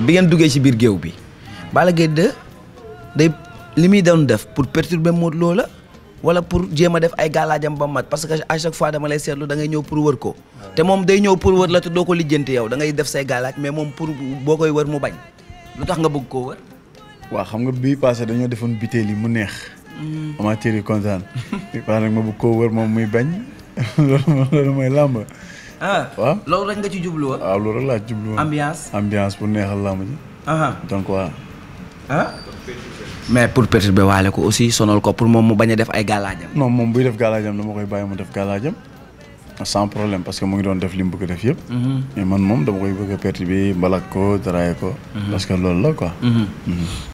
bi ngeen duggee ci biir géew bi Balla Gaye day li muy doon def pour perturber Modou Lo la wala pour jéem a def ay gàllaajam ba mat parce que à chaque fois dama lay seetlu dangay ngay ñëw pour wër ko te moom day ñëw pour wër la te doo ko lijjanti yow dangay def say gàllaaj mais moom pour boo koy wër mu bañ lu tax nga bëgg koo wër waaw xam nga bii passé dañoo defoon biteel yi mu neex hmm. amateur yi kontaan bi passé moom muy bañ loolu loolu mooy ah waaw loolu rek nga ci jublu woon. waaw loolu rek laa ci jublu woon. ambiance ambiance pour neexal làmb ji. Ah. donc waaw. ah. mais pour perturber waale ko aussi sonal ko pour moom mu bañ a def ay gàllaajam. non moom buy def gàllaajam dama koy bàyyi mu def gàllaajam sans problème parce que mu ngi doon def li mu bëgg def yëpp. Mhm. mais man moom dama koy bëgg a perturber mbalak ko daraay ko. Mhm. parce que loolu la quoi. Mhm.